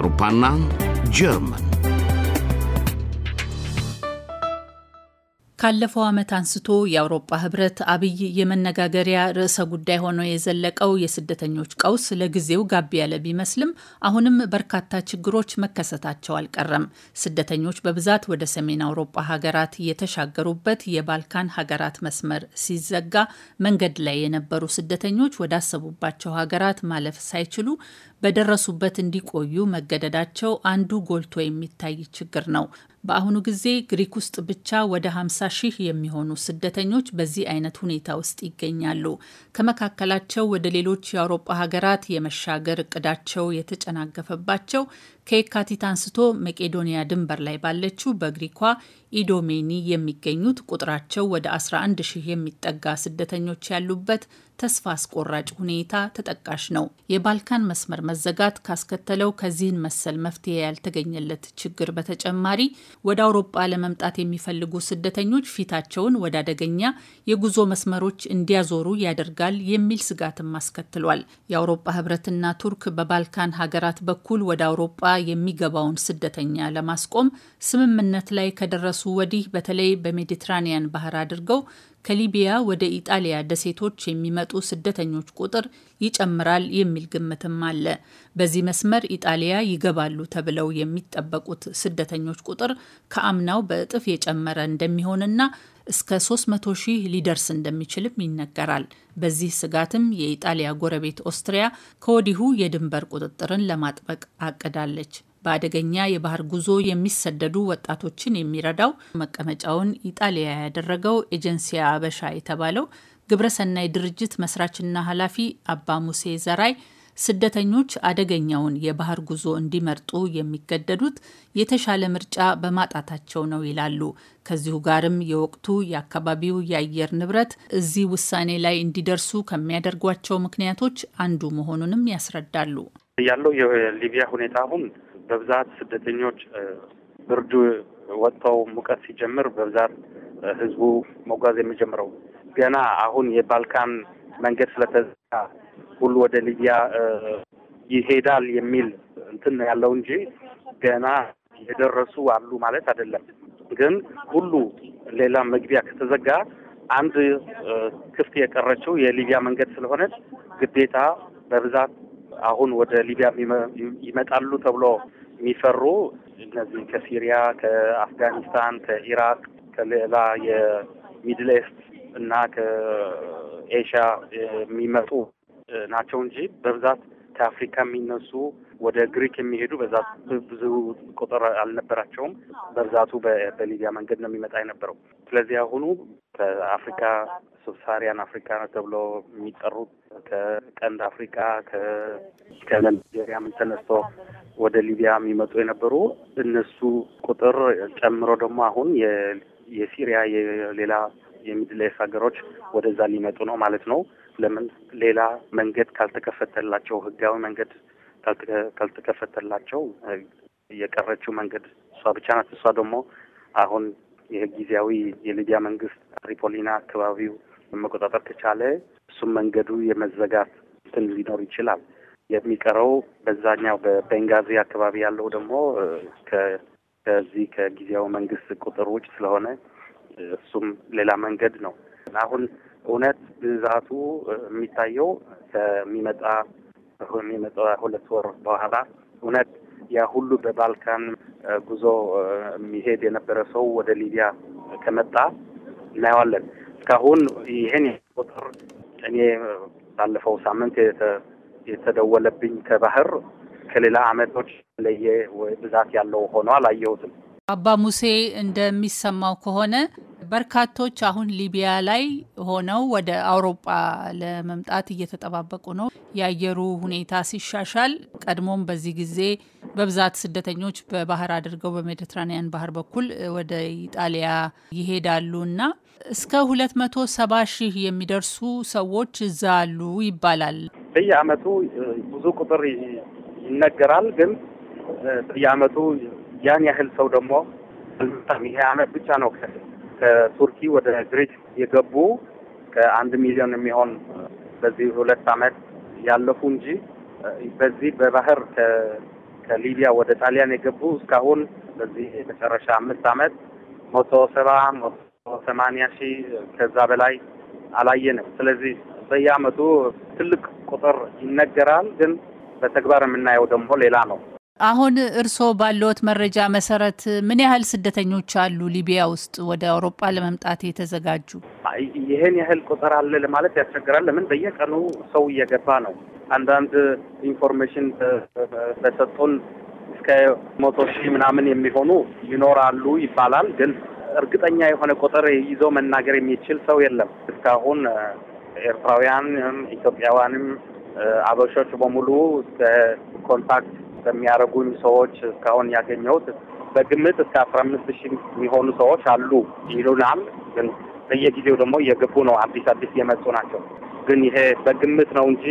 Rupanang, Jerman. ካለፈው ዓመት አንስቶ የአውሮፓ ህብረት አብይ የመነጋገሪያ ርዕሰ ጉዳይ ሆኖ የዘለቀው የስደተኞች ቀውስ ለጊዜው ጋብ ያለ ቢመስልም አሁንም በርካታ ችግሮች መከሰታቸው አልቀረም። ስደተኞች በብዛት ወደ ሰሜን አውሮፓ ሀገራት የተሻገሩበት የባልካን ሀገራት መስመር ሲዘጋ መንገድ ላይ የነበሩ ስደተኞች ወዳሰቡባቸው ሀገራት ማለፍ ሳይችሉ በደረሱበት እንዲቆዩ መገደዳቸው አንዱ ጎልቶ የሚታይ ችግር ነው። በአሁኑ ጊዜ ግሪክ ውስጥ ብቻ ወደ 50 ሺህ የሚሆኑ ስደተኞች በዚህ አይነት ሁኔታ ውስጥ ይገኛሉ። ከመካከላቸው ወደ ሌሎች የአውሮጳ ሀገራት የመሻገር እቅዳቸው የተጨናገፈባቸው ከየካቲት አንስቶ መቄዶንያ ድንበር ላይ ባለችው በግሪኳ ኢዶሜኒ የሚገኙት ቁጥራቸው ወደ 11 ሺህ የሚጠጋ ስደተኞች ያሉበት ተስፋ አስቆራጭ ሁኔታ ተጠቃሽ ነው። የባልካን መስመር መዘጋት ካስከተለው ከዚህን መሰል መፍትሄ ያልተገኘለት ችግር በተጨማሪ ወደ አውሮጳ ለመምጣት የሚፈልጉ ስደተኞች ፊታቸውን ወደ አደገኛ የጉዞ መስመሮች እንዲያዞሩ ያደርጋል የሚል ስጋትም አስከትሏል። የአውሮጳ ህብረትና ቱርክ በባልካን ሀገራት በኩል ወደ አውሮጳ የሚገባውን ስደተኛ ለማስቆም ስምምነት ላይ ከደረሱ ወዲህ በተለይ በሜዲትራኒያን ባህር አድርገው ከሊቢያ ወደ ኢጣሊያ ደሴቶች የሚመጡ ስደተኞች ቁጥር ይጨምራል የሚል ግምትም አለ። በዚህ መስመር ኢጣሊያ ይገባሉ ተብለው የሚጠበቁት ስደተኞች ቁጥር ከአምናው በእጥፍ የጨመረ እንደሚሆንና እስከ 300 ሺህ ሊደርስ እንደሚችልም ይነገራል። በዚህ ስጋትም የኢጣሊያ ጎረቤት ኦስትሪያ ከወዲሁ የድንበር ቁጥጥርን ለማጥበቅ አቅዳለች። በአደገኛ የባህር ጉዞ የሚሰደዱ ወጣቶችን የሚረዳው መቀመጫውን ኢጣሊያ ያደረገው ኤጀንሲያ አበሻ የተባለው ግብረሰናይ ድርጅት መስራችና ኃላፊ አባ ሙሴ ዘራይ ስደተኞች አደገኛውን የባህር ጉዞ እንዲመርጡ የሚገደዱት የተሻለ ምርጫ በማጣታቸው ነው ይላሉ። ከዚሁ ጋርም የወቅቱ የአካባቢው የአየር ንብረት እዚህ ውሳኔ ላይ እንዲደርሱ ከሚያደርጓቸው ምክንያቶች አንዱ መሆኑንም ያስረዳሉ። ያለው የሊቢያ ሁኔታ አሁን በብዛት ስደተኞች ብርዱ ወጥተው ሙቀት ሲጀምር በብዛት ህዝቡ መጓዝ የሚጀምረው ገና አሁን የባልካን መንገድ ስለተዘጋ ሁሉ ወደ ሊቢያ ይሄዳል የሚል እንትን ያለው እንጂ ገና የደረሱ አሉ ማለት አይደለም። ግን ሁሉ ሌላ መግቢያ ከተዘጋ አንድ ክፍት የቀረችው የሊቢያ መንገድ ስለሆነች ግዴታ በብዛት አሁን ወደ ሊቢያ ይመጣሉ ተብሎ የሚፈሩ እነዚህ ከሲሪያ፣ ከአፍጋኒስታን፣ ከኢራቅ፣ ከሌላ የሚድል ኤስት እና ከኤሽያ የሚመጡ ናቸው እንጂ በብዛት ከአፍሪካ የሚነሱ ወደ ግሪክ የሚሄዱ በዛ ብዙ ቁጥር አልነበራቸውም። በብዛቱ በሊቢያ መንገድ ነው የሚመጣ የነበረው። ስለዚህ አሁኑ ከአፍሪካ ሱብሳሪያን አፍሪካ ተብሎ የሚጠሩት ከቀንድ አፍሪካ ምን ተነስቶ ወደ ሊቢያ የሚመጡ የነበሩ እነሱ ቁጥር ጨምሮ ደግሞ አሁን የሲሪያ የሌላ የሚድሌስ ሀገሮች ወደዛ ሊመጡ ነው ማለት ነው። ለምን ሌላ መንገድ ካልተከፈተላቸው ህጋዊ መንገድ ካልተከፈተላቸው የቀረችው መንገድ እሷ ብቻ ናት። እሷ ደግሞ አሁን ይህ ጊዜያዊ የሊቢያ መንግስት ትሪፖሊና አካባቢው መቆጣጠር ከቻለ እሱም መንገዱ የመዘጋት እንትን ሊኖር ይችላል። የሚቀረው በዛኛው በቤንጋዚ አካባቢ ያለው ደግሞ ከዚህ ከጊዜያዊ መንግስት ቁጥር ውጭ ስለሆነ እሱም ሌላ መንገድ ነው። አሁን እውነት ብዛቱ የሚታየው ከሚመጣ በሚመጣው ሁለት ወር በኋላ እውነት ያ ሁሉ በባልካን ጉዞ የሚሄድ የነበረ ሰው ወደ ሊቢያ ከመጣ እናየዋለን። እስካሁን ይህን ቁጥር እኔ ባለፈው ሳምንት የተደወለብኝ ከባህር ከሌላ አመቶች ለየ ብዛት ያለው ሆኖ አላየሁትም። አባ ሙሴ እንደሚሰማው ከሆነ በርካቶች አሁን ሊቢያ ላይ ሆነው ወደ አውሮጳ ለመምጣት እየተጠባበቁ ነው። የአየሩ ሁኔታ ሲሻሻል፣ ቀድሞም በዚህ ጊዜ በብዛት ስደተኞች በባህር አድርገው በሜዲትራኒያን ባህር በኩል ወደ ኢጣሊያ ይሄዳሉ እና እስከ 270 ሺህ የሚደርሱ ሰዎች እዛ አሉ ይባላል። በየአመቱ ብዙ ቁጥር ይነገራል፣ ግን በየአመቱ ያን ያህል ሰው ደግሞ አልመጣም። ይሄ አመት ብቻ ነው ከቱርኪ ወደ ግሪክ የገቡ ከአንድ ሚሊዮን የሚሆን በዚህ ሁለት አመት ያለፉ እንጂ በዚህ በባህር ከሊቢያ ወደ ጣሊያን የገቡ እስካሁን በዚህ የመጨረሻ አምስት አመት መቶ ሰባ መቶ ሰማንያ ሺህ ከዛ በላይ አላየንም። ስለዚህ በየአመቱ ትልቅ ቁጥር ይነገራል፣ ግን በተግባር የምናየው ደግሞ ሌላ ነው። አሁን እርስዎ ባለዎት መረጃ መሰረት ምን ያህል ስደተኞች አሉ ሊቢያ ውስጥ ወደ አውሮፓ ለመምጣት የተዘጋጁ? ይህን ያህል ቁጥር አለ ለማለት ያስቸግራል። ለምን በየቀኑ ሰው እየገባ ነው። አንዳንድ ኢንፎርሜሽን በሰጡን እስከ መቶ ሺህ ምናምን የሚሆኑ ይኖራሉ ይባላል። ግን እርግጠኛ የሆነ ቁጥር ይዞ መናገር የሚችል ሰው የለም እስካሁን ኤርትራውያንም ኢትዮጵያውያንም አበሾች በሙሉ ኮንታክት እንደሚያደርጉኝ ሰዎች እስካሁን ያገኘሁት በግምት እስከ አስራ አምስት ሺህ የሚሆኑ ሰዎች አሉ ይሉናል። ግን በየጊዜው ደግሞ እየገቡ ነው፣ አዲስ አዲስ የመጡ ናቸው። ግን ይሄ በግምት ነው እንጂ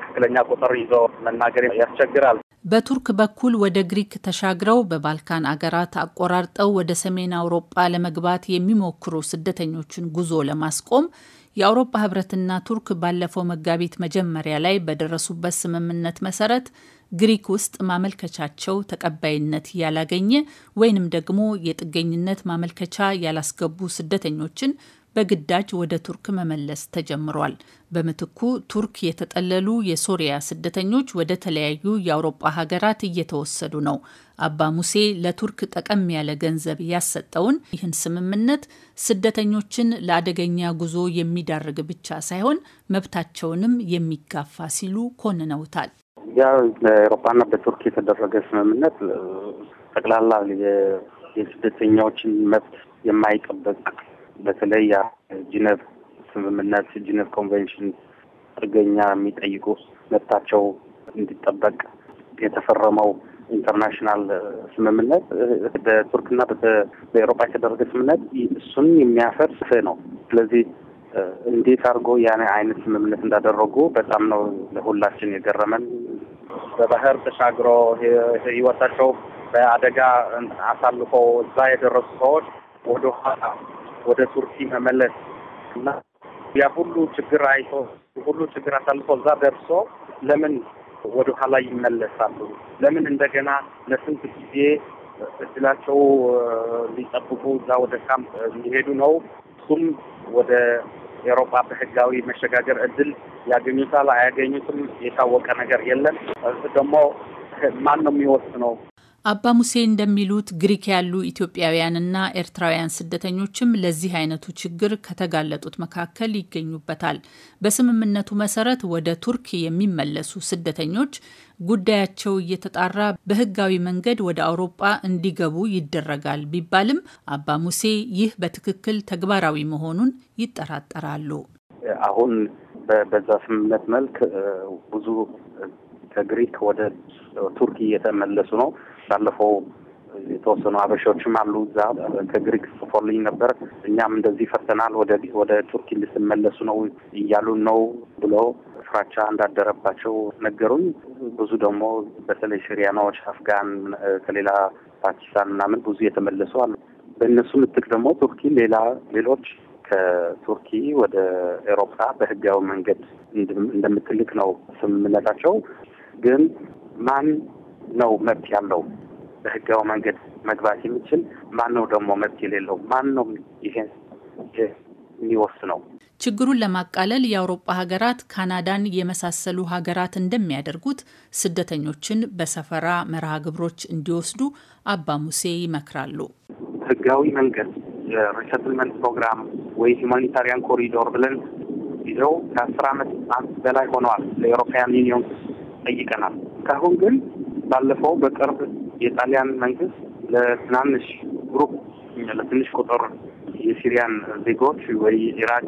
ትክክለኛ ቁጥር ይዞ መናገር ያስቸግራል። በቱርክ በኩል ወደ ግሪክ ተሻግረው በባልካን አገራት አቆራርጠው ወደ ሰሜን አውሮጳ ለመግባት የሚሞክሩ ስደተኞችን ጉዞ ለማስቆም የአውሮፓ ህብረትና ቱርክ ባለፈው መጋቢት መጀመሪያ ላይ በደረሱበት ስምምነት መሰረት ግሪክ ውስጥ ማመልከቻቸው ተቀባይነት ያላገኘ ወይንም ደግሞ የጥገኝነት ማመልከቻ ያላስገቡ ስደተኞችን በግዳጅ ወደ ቱርክ መመለስ ተጀምሯል። በምትኩ ቱርክ የተጠለሉ የሶሪያ ስደተኞች ወደ ተለያዩ የአውሮጳ ሀገራት እየተወሰዱ ነው። አባ ሙሴ ለቱርክ ጠቀም ያለ ገንዘብ ያሰጠውን ይህን ስምምነት ስደተኞችን ለአደገኛ ጉዞ የሚዳርግ ብቻ ሳይሆን መብታቸውንም የሚጋፋ ሲሉ ኮንነውታል። ያ በአውሮፓና በቱርክ የተደረገ ስምምነት ጠቅላላ የስደተኛዎችን መብት የማይጠበቅ በተለይ ጂነቭ ስምምነት ጂነቭ ኮንቬንሽን ጥገኛ የሚጠይቁ መብታቸው እንዲጠበቅ የተፈረመው ኢንተርናሽናል ስምምነት በቱርክና በኤሮፓ የተደረገ ስምምነት እሱን የሚያፈርስ ነው። ስለዚህ እንዴት አድርጎ ያን አይነት ስምምነት እንዳደረጉ በጣም ነው ለሁላችን የገረመን። በባህር ተሻግሮ ህይወታቸው በአደጋ አሳልፎ እዛ የደረሱ ሰዎች ወደኋላ ወደ ቱርኪ መመለስ እና ያ ሁሉ ችግር አይቶ ሁሉ ችግር አሳልፎ እዛ ደርሶ ለምን ወደ ኋላ ይመለሳሉ? ለምን እንደገና ለስንት ጊዜ እድላቸው ሊጠብቁ እዛ ወደ ካምፕ ሊሄዱ ነው? እሱም ወደ ኤሮፓ በህጋዊ መሸጋገር እድል ያገኙታል አያገኙትም የታወቀ ነገር የለም። እሱ ደግሞ ማን ነው የሚወስነው? አባ ሙሴ እንደሚሉት ግሪክ ያሉ ኢትዮጵያውያንና ኤርትራውያን ስደተኞችም ለዚህ አይነቱ ችግር ከተጋለጡት መካከል ይገኙበታል። በስምምነቱ መሰረት ወደ ቱርክ የሚመለሱ ስደተኞች ጉዳያቸው እየተጣራ በሕጋዊ መንገድ ወደ አውሮጳ እንዲገቡ ይደረጋል ቢባልም አባ ሙሴ ይህ በትክክል ተግባራዊ መሆኑን ይጠራጠራሉ። አሁን በዛ ስምምነት መልክ ብዙ ከግሪክ ወደ ቱርክ እየተመለሱ ነው። ያሳለፈው የተወሰኑ ሀበሻዎችም አሉ እዛ ከግሪክ ጽፎልኝ ነበር። እኛም እንደዚህ ፈርተናል፣ ወደ ወደ ቱርኪ ልስመለሱ ነው እያሉን ነው ብሎ ፍራቻ እንዳደረባቸው ነገሩኝ። ብዙ ደግሞ በተለይ ሲሪያኖች፣ አፍጋን፣ ከሌላ ፓኪስታን ምናምን ብዙ የተመለሱ አሉ። በእነሱ ምትክ ደግሞ ቱርኪ ሌላ ሌሎች ከቱርኪ ወደ ኤሮፓ በህጋዊ መንገድ እንደምትልክ ነው ስምምነታቸው። ግን ማን ነው መብት ያለው በህጋዊ መንገድ መግባት የሚችል ማን ነው ደግሞ መብት የሌለው ማን ነው ይሄን የሚወስነው? ችግሩን ለማቃለል የአውሮፓ ሀገራት ካናዳን የመሳሰሉ ሀገራት እንደሚያደርጉት ስደተኞችን በሰፈራ መርሃ ግብሮች እንዲወስዱ አባ ሙሴ ይመክራሉ። ህጋዊ መንገድ ሪሰትልመንት ፕሮግራም ወይ ሁማኒታሪያን ኮሪዶር ብለን ይዘው ከአስር አመት በላይ ሆነዋል። ለኤሮፓያን ዩኒዮን ጠይቀናል። ካሁን ግን ባለፈው በቅርብ የጣሊያን መንግስት ለትናንሽ ግሩፕ ለትንሽ ቁጥር የሲሪያን ዜጎች ወይ ኢራቅ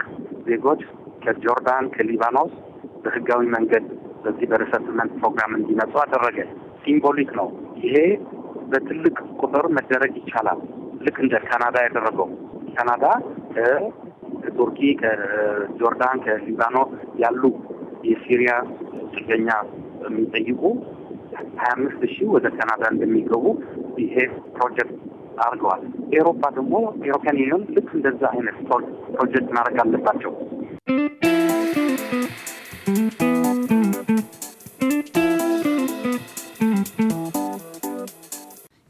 ዜጎች ከጆርዳን ከሊባኖስ በህጋዊ መንገድ በዚህ በሪሰትልመንት ፕሮግራም እንዲመጡ አደረገ። ሲምቦሊክ ነው ይሄ። በትልቅ ቁጥር መደረግ ይቻላል። ልክ እንደ ካናዳ ያደረገው ካናዳ ከቱርኪ፣ ከጆርዳን፣ ከሊባኖስ ያሉ የሲሪያ ጥገኛ የሚጠይቁ ሀያ አምስት ሺህ ወደ ካናዳ እንደሚገቡ ይሄ ፕሮጀክት አድርገዋል። ኤሮፓ ደግሞ ኤሮፒያን ዩኒዮን ልክ እንደዛ አይነት ፕሮጀክት ማድረግ አለባቸው።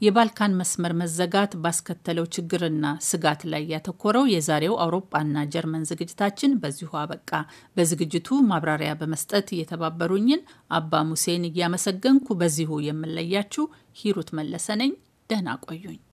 የባልካን መስመር መዘጋት ባስከተለው ችግርና ስጋት ላይ ያተኮረው የዛሬው አውሮፓና ጀርመን ዝግጅታችን በዚሁ አበቃ። በዝግጅቱ ማብራሪያ በመስጠት የተባበሩኝን አባ ሙሴን እያመሰገንኩ በዚሁ የምለያችሁ ሂሩት መለሰ ነኝ። ደህና ቆዩኝ።